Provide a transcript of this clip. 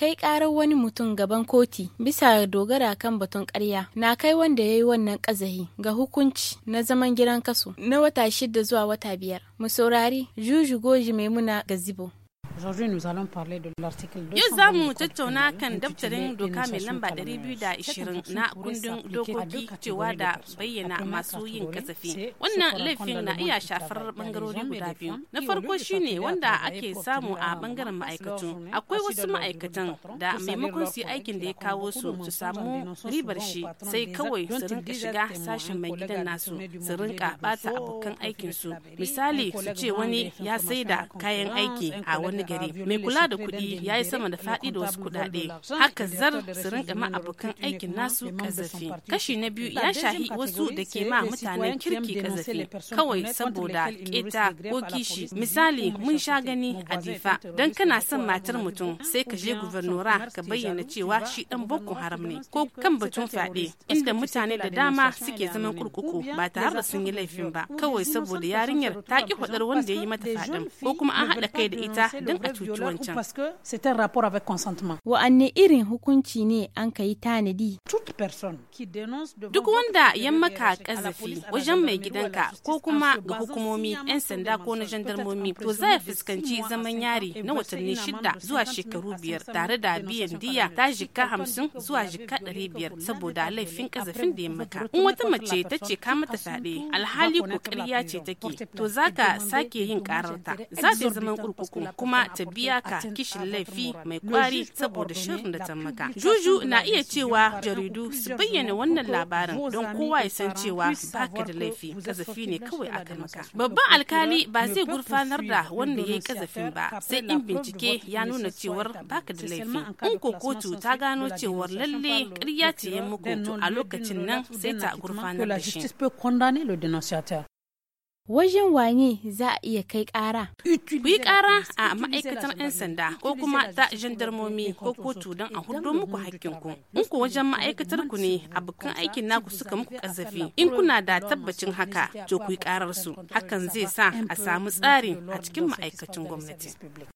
kai karar wani mutum gaban koti bisa dogara kan batun karya na kai wanda ya yi wannan kazahi ga hukunci na zaman gidan kaso na wata shida zuwa wata biyar mu saurari juju goji maimuna gazibo Yau za mu tattauna kan daftarin doka mai lamba 220 na kundin dokoki cewa da bayyana masu yin kasafi. Wannan laifin na iya shafar bangarori guda biyu. Na farko shine wanda ake samu a bangaren ma'aikatu. Akwai wasu ma'aikatan da maimakon su aikin da ya kawo su su samu ribar shi sai kawai su rinka shiga sashen mai gidan nasu su rinka bata oh, abokan aikin su. Misali su ce wani ya saida kayan aiki a wani gari mai kula da kuɗi ya yi sama da faɗi da wasu kuɗaɗe haka zar su rinka ma abokan aikin nasu kazafi kashi na biyu ya shahi wasu da ke ma mutane kirki kazafi kawai saboda keta ko kishi misali mun sha gani a difa don kana son matar mutum sai ka je gubernora ka bayyana cewa shi dan boko haram ne ko kan batun fyaɗe inda mutane da dama suke zaman kurkuku ba tare da sun yi laifin ba kawai saboda yarinyar ta ki faɗar wanda ya yi mata faɗin ko kuma an haɗa kai da ita don a cuci wancan. Wa'anne irin hukunci ne an ka yi tanadi? Duk wanda ya maka kazafi wajen mai gidanka ko kuma ga hukumomi 'yan sanda ko na jandarmomi to zai fuskanci zaman yari na watanni shida zuwa shekaru biyar tare da biyan diya ta jika hamsin zuwa jika ɗari biyar saboda laifin kazafin da ya maka. In wata mace ta ce ka mata fyaɗe alhali ko ƙarya ce take to zaka sake yin ƙararta za ta zaman kurkuku kuma ta biya ka kishin laifi mai kwari saboda shirin da ta maka juju na iya cewa jaridu su bayyana wannan labarin don kowa ya san cewa baka da laifi kazafi ne kawai aka maka babban alkali ba zai gurfanar da wanda ya yi kazafin ba sai in bincike ya nuna cewar baka da laifi in ko kotu ta gano cewar lalle karya ce ya muku a lokacin nan sai ta gurfanar da shi wajen wane za a iya kai kara? Ku yi kara a ma'aikatar 'yan sanda ko kuma ta jandarmomi ko kotu don a hudo muku hakkinku. In ku wajen ma'aikatar ku ne abokan aikin naku suka muku kazafi. In kuna da tabbacin haka, to ku yi kararsu. Hakan zai sa a samu tsari a cikin ma'aikacin gwamnati.